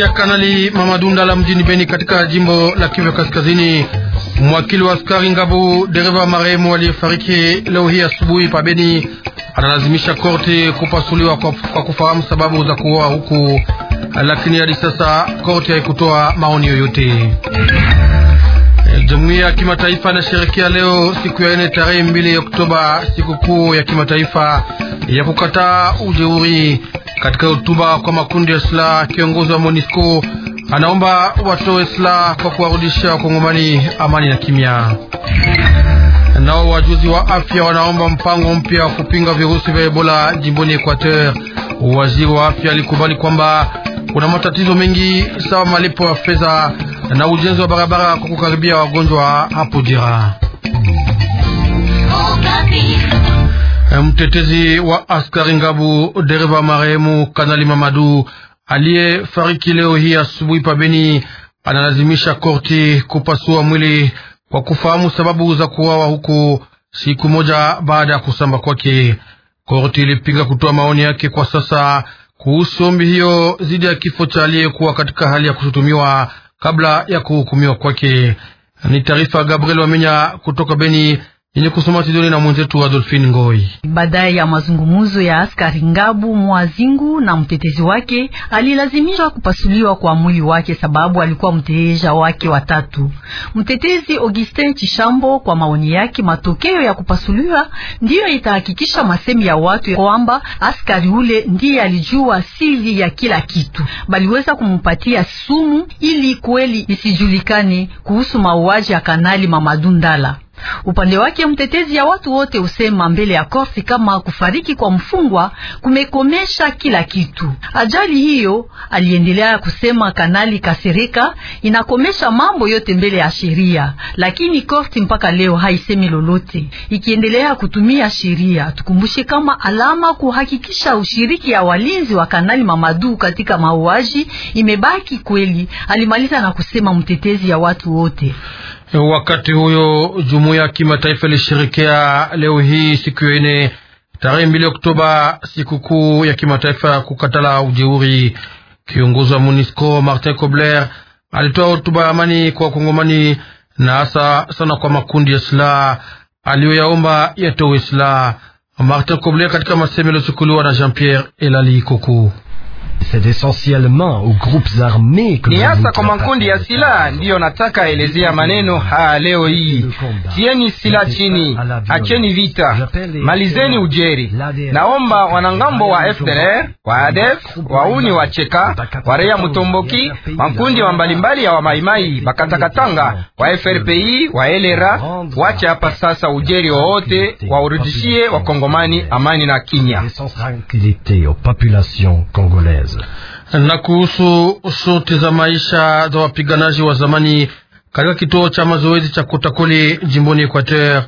ya Kanali Mamadunda la mjini Beni katika jimbo la Kivu Kaskazini. Mwakili wa askari Ngabu, dereva marehemu aliyefariki leo hii asubuhi pa Beni, analazimisha korti kupasuliwa kwa, kwa kufahamu sababu za kuoa huku, lakini hadi sasa korti haikutoa maoni yoyote. Jumuiya ya kimataifa inasherekea leo siku ya nne tarehe mbili Oktoba sikukuu ya kimataifa ya kukataa ujeuri katika hotuba kwa makundi ya silaha. Kiongozi wa MONUSCO anaomba watoe silaha kwa kuarudisha wakongomani amani na kimya. Nao wajuzi wa afya wanaomba mpango mpya wa kupinga virusi vya Ebola jimboni Equateur. Waziri wa afya alikubali kwamba kuna matatizo mengi sawa malipo ya fedha na ujenzi wa barabara kwa kukaribia wagonjwa hapo Dira. Mtetezi wa askari Ngabu, dereva marehemu Kanali Mamadu aliyefariki leo hii asubuhi pabeni, analazimisha korti kupasua mwili kwa kufahamu sababu za kuwawa huku siku moja baada ya kusamba kwake. Korti ilipinga kutoa maoni yake kwa sasa kuhusu ombi hiyo dhidi ya kifo cha aliyekuwa katika hali ya kushutumiwa kabla ya kuhukumiwa kwake. Ni taarifa Gabriel Wamenya kutoka Beni yenye kusoma tidole na mwenzetu Adolfine Ngoi. Baadaye ya mazungumzo ya askari Ngabu Mwazingu na mtetezi wake, alilazimishwa kupasuliwa kwa mwili wake sababu alikuwa mteja wake watatu. Mtetezi Augustin Chishambo, kwa maoni yake, matokeo ya kupasuliwa ndiyo itahakikisha masemi ya watu kwamba askari ule ndiye alijua siri ya kila kitu, baliweza kumupatia sumu ili kweli isijulikane kuhusu mauaji ya Kanali mamadundala Ndala. Upande wake mtetezi ya watu wote usema mbele ya korti kama kufariki kwa mfungwa kumekomesha kila kitu. Ajali hiyo, aliendelea kusema Kanali Kasereka, inakomesha mambo yote mbele ya sheria, lakini korti mpaka leo haisemi lolote, ikiendelea kutumia sheria. Tukumbushe kama alama kuhakikisha ushiriki ya walinzi wa Kanali Mamadu katika mauaji imebaki kweli, alimaliza na kusema mtetezi ya watu wote. Wakati huyo jumuiya ya kimataifa ilisherekea leo hii siku ya ine tarehe mbili Oktoba sikukuu ya kimataifa ya kukatala ujeuri. Kiongozi wa MONUSCO Martin Kobler alitoa hotuba ya amani kwa Wakongomani na hasa sana kwa makundi ya silaha aliyoyaomba yatowe silaha. Martin Kobler katika masemelo yaliyochukuliwa na Jean Pierre Elali Koko c'est essentiellement aux groupes armés que ni hasa kwa makundi ya silaha ndiyo nataka elezea maneno haya leo hii. Tieni silaha chini, acheni vita, malizeni ujeri. Naomba wanangambo wa FDLR wa ADF wauni wa Cheka wareya Mutomboki makundi wa mbalimbali ya wamaimai bakatakatanga wa FRPI wa elera wache hapa sasa ujeri wowote waurudishie wakongomani amani na kinya. Na kuhusu shurti za maisha za wapiganaji wa zamani katika kituo cha mazoezi cha Kotakoli jimboni Equateur,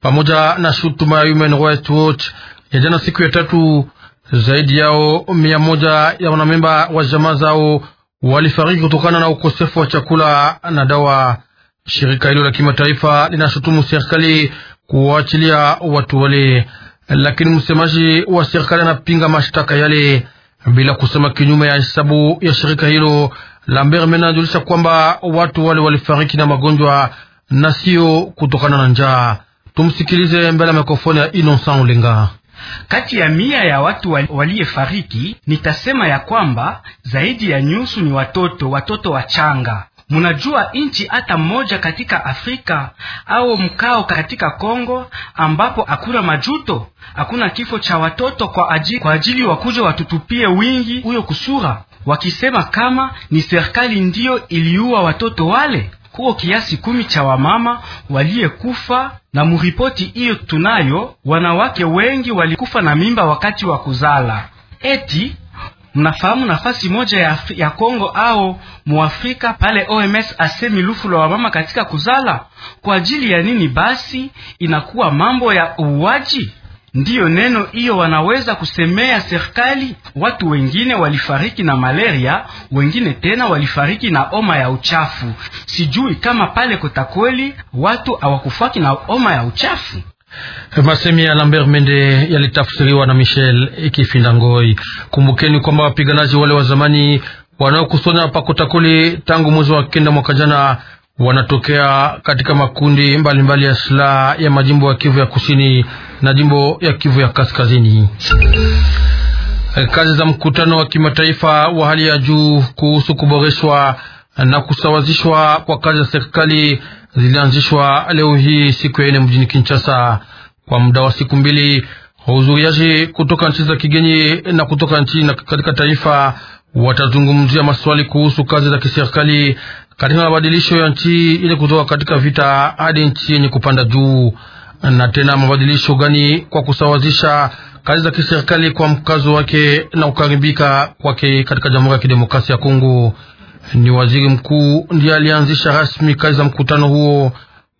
pamoja na shutuma ya Human Rights Watch ya jana siku ya tatu, zaidi yao mia moja ya wanamemba wa jamaa zao walifariki kutokana na ukosefu wa chakula na dawa. Shirika hilo la kimataifa linashutumu serikali kuwaachilia watu wale, lakini msemaji wa serikali anapinga mashtaka yale bila kusema kinyume ya hesabu ya shirika hilo. Lambert Mena anajulisha kwamba watu wale walifariki na magonjwa na sio kutokana na njaa. Tumsikilize mbele ya mikrofoni ya Innocent Ulinga. Kati ya mia ya watu waliyefariki nitasema ya kwamba zaidi ya nyusu ni watoto, watoto wachanga. Munajua nchi hata moja katika Afrika au mkao katika Kongo ambapo hakuna majuto, hakuna kifo cha watoto kwa ajili, kwa ajili wakuja watutupie wingi huyo kusura, wakisema kama ni serikali ndiyo iliua watoto wale huko kiasi kumi cha wamama waliyekufa, na muripoti hiyo tunayo, wanawake wengi walikufa na mimba wakati wa kuzala eti Mnafahamu nafasi moja ya, ya Kongo au muafrika pale OMS asemi lufu la mama katika kuzala? Kwa ajili ya nini basi inakuwa mambo ya uuaji? Ndiyo neno hiyo wanaweza kusemea serikali. Watu wengine walifariki na malaria, wengine tena walifariki na homa ya uchafu. Sijui kama pale Kotakweli watu hawakufaki na homa ya uchafu. Masemi ya Lambert Mende yalitafsiriwa na Michel Ikifinda Ngoi. Kumbukeni kwamba wapiganaji wale wa zamani wanaokusanya pakotakoli tangu mwezi wa kenda mwaka jana wanatokea katika makundi mbalimbali mbali ya silaha ya majimbo ya Kivu ya kusini na jimbo ya Kivu ya kaskazini. Kazi za mkutano wa kimataifa wa hali ya juu kuhusu kuboreshwa na kusawazishwa kwa kazi za serikali zilianzishwa leo hii siku ya ine mjini Kinshasa kwa muda wa siku mbili. Wahudhuriaji kutoka nchi za kigeni na kutoka nchi na katika taifa watazungumzia maswali kuhusu kazi za kiserikali katika mabadilisho ya nchi ile kutoka katika vita hadi nchi yenye kupanda juu, na tena mabadilisho gani kwa kusawazisha kazi za kiserikali kwa mkazo wake na kukaribika kwake katika Jamhuri ya Kidemokrasia ya Kongo. Ni waziri mkuu ndiye alianzisha rasmi kazi za mkutano huo.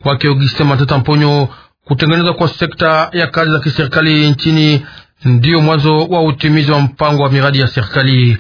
Kwake Augustin Matata Mponyo, kutengenezwa kwa sekta ya kazi za kiserikali nchini ndiyo mwanzo wa utimizi wa mpango wa miradi ya serikali.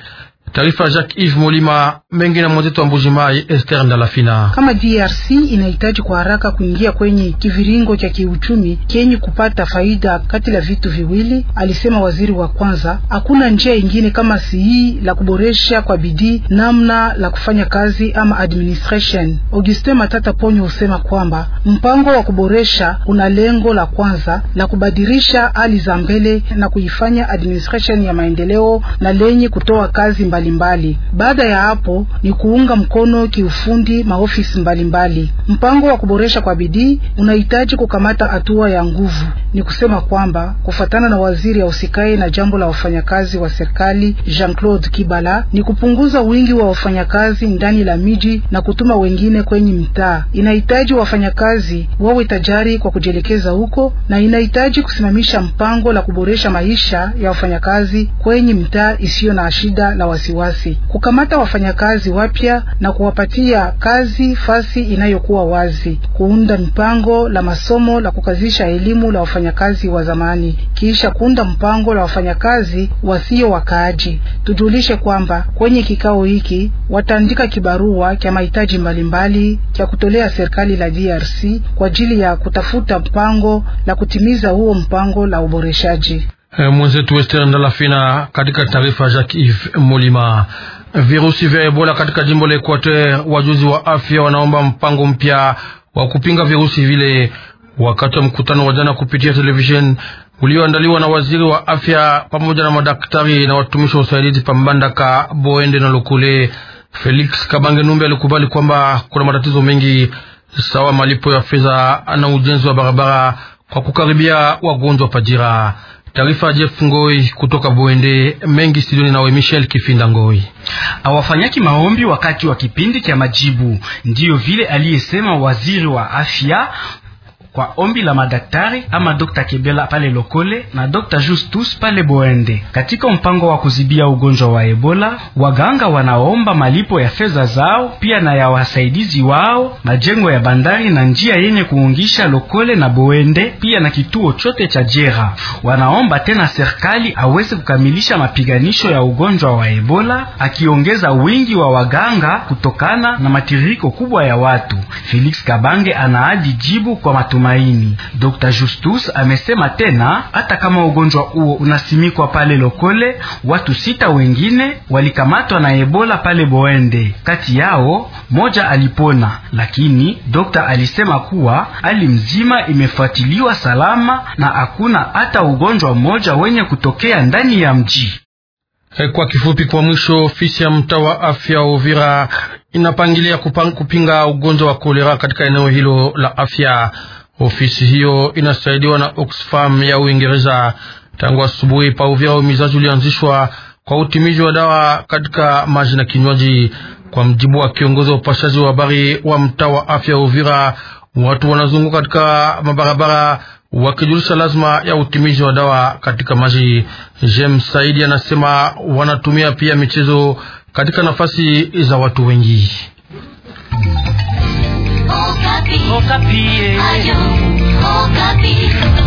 Taarifa Jacques Yves Molima mengi na mwenzetu wa Mbuji Mai Esther Ndalafina. Kama DRC inahitaji kwa haraka kuingia kwenye kiviringo cha kiuchumi kenye kupata faida kati la vitu viwili, alisema waziri wa kwanza. Hakuna njia ingine kama si hii la kuboresha kwa bidii namna la kufanya kazi ama administration. Augustin Matata Ponyo husema kwamba mpango wa kuboresha una lengo la kwanza la kubadilisha hali za mbele na kuifanya administration ya maendeleo na lenye kutoa kazi mbali mbalimbali. Baada ya hapo ni kuunga mkono kiufundi maofisi mbalimbali. Mpango wa kuboresha kwa bidii unahitaji kukamata hatua ya nguvu. Ni kusema kwamba kufuatana na waziri ya usikai na jambo la wafanyakazi wa serikali Jean-Claude Kibala, ni kupunguza wingi wa wafanyakazi ndani la miji na kutuma wengine kwenye mtaa. Inahitaji wafanyakazi wawe tajari kwa kujielekeza huko, na inahitaji kusimamisha mpango la kuboresha maisha ya wafanyakazi kwenye mtaa isiyo na shida la wasi wasiwasi kukamata wafanyakazi wapya na kuwapatia kazi fasi inayokuwa wazi, kuunda mpango la masomo la kukazisha elimu la wafanyakazi wa zamani, kisha kuunda mpango la wafanyakazi wasio wakaaji. Tujulishe kwamba kwenye kikao hiki wataandika kibarua cha mahitaji mbalimbali cha kutolea serikali la DRC kwa ajili ya kutafuta mpango la kutimiza huo mpango la uboreshaji. Euh, Mwenzetu Western Ndalafina katika taarifa Jacques Yves Molima. Virusi vya Ebola katika jimbo la Equateur, wajuzi wa afya wanaomba mpango mpya wa kupinga virusi vile. Wakati wa mkutano wa jana kupitia television ulioandaliwa na waziri wa afya pamoja na madaktari na watumishi wa usaidizi Pambandaka, Boende na Lokole, Felix Kabange Numbe alikubali kwamba kuna matatizo mengi sawa malipo ya fedha na ujenzi wa barabara kwa kukaribia wagonjwa pajira. Taarifa Jeff Ngoi kutoka Buende mengi sidoni nawe Michel Kifinda Ngoi. awafanyaki maombi wakati wa kipindi cha majibu, ndiyo vile aliyesema waziri wa afya kwa ombi la madaktari ama Dr. Kebela pale Lokole na Dr. Justus pale Boende. Katika mpango wa kuzibia ugonjwa wa Ebola, waganga wanaomba malipo ya fedha zao pia na ya wasaidizi wao, majengo ya bandari na njia yenye kuungisha Lokole na Boende, pia na kituo chote cha jera. Wanaomba tena serikali aweze kukamilisha mapiganisho ya ugonjwa wa Ebola, akiongeza wingi wa waganga kutokana na matiririko kubwa ya watu. Felix Kabange anaadi jibu kwa matumaini tumaini. Dr. Justus amesema tena hata kama ugonjwa huo unasimikwa pale Lokole, watu sita wengine walikamatwa na Ebola pale Boende, kati yao moja alipona, lakini Dr. alisema kuwa hali mzima imefuatiliwa salama na hakuna hata ugonjwa mmoja wenye kutokea ndani ya mji. Eh, kwa kifupi, kwa mwisho, ofisi ya mtaa wa afya Uvira inapangilia kupinga ugonjwa wa kolera katika eneo hilo la afya. Ofisi hiyo inasaidiwa na Oxfam ya Uingereza. Tangu asubuhi pauvya umizaji ulianzishwa kwa utimizi wa dawa katika maji na kinywaji. Kwa mjibu wa kiongozi wa upashaji wa habari wa mtaa wa afya Uvira, watu wanazunguka katika mabarabara wakijulisha lazima ya utimizi wa dawa katika maji. James Saidi anasema wanatumia pia michezo katika nafasi za watu wengi. Okapi. Okapi. Eh.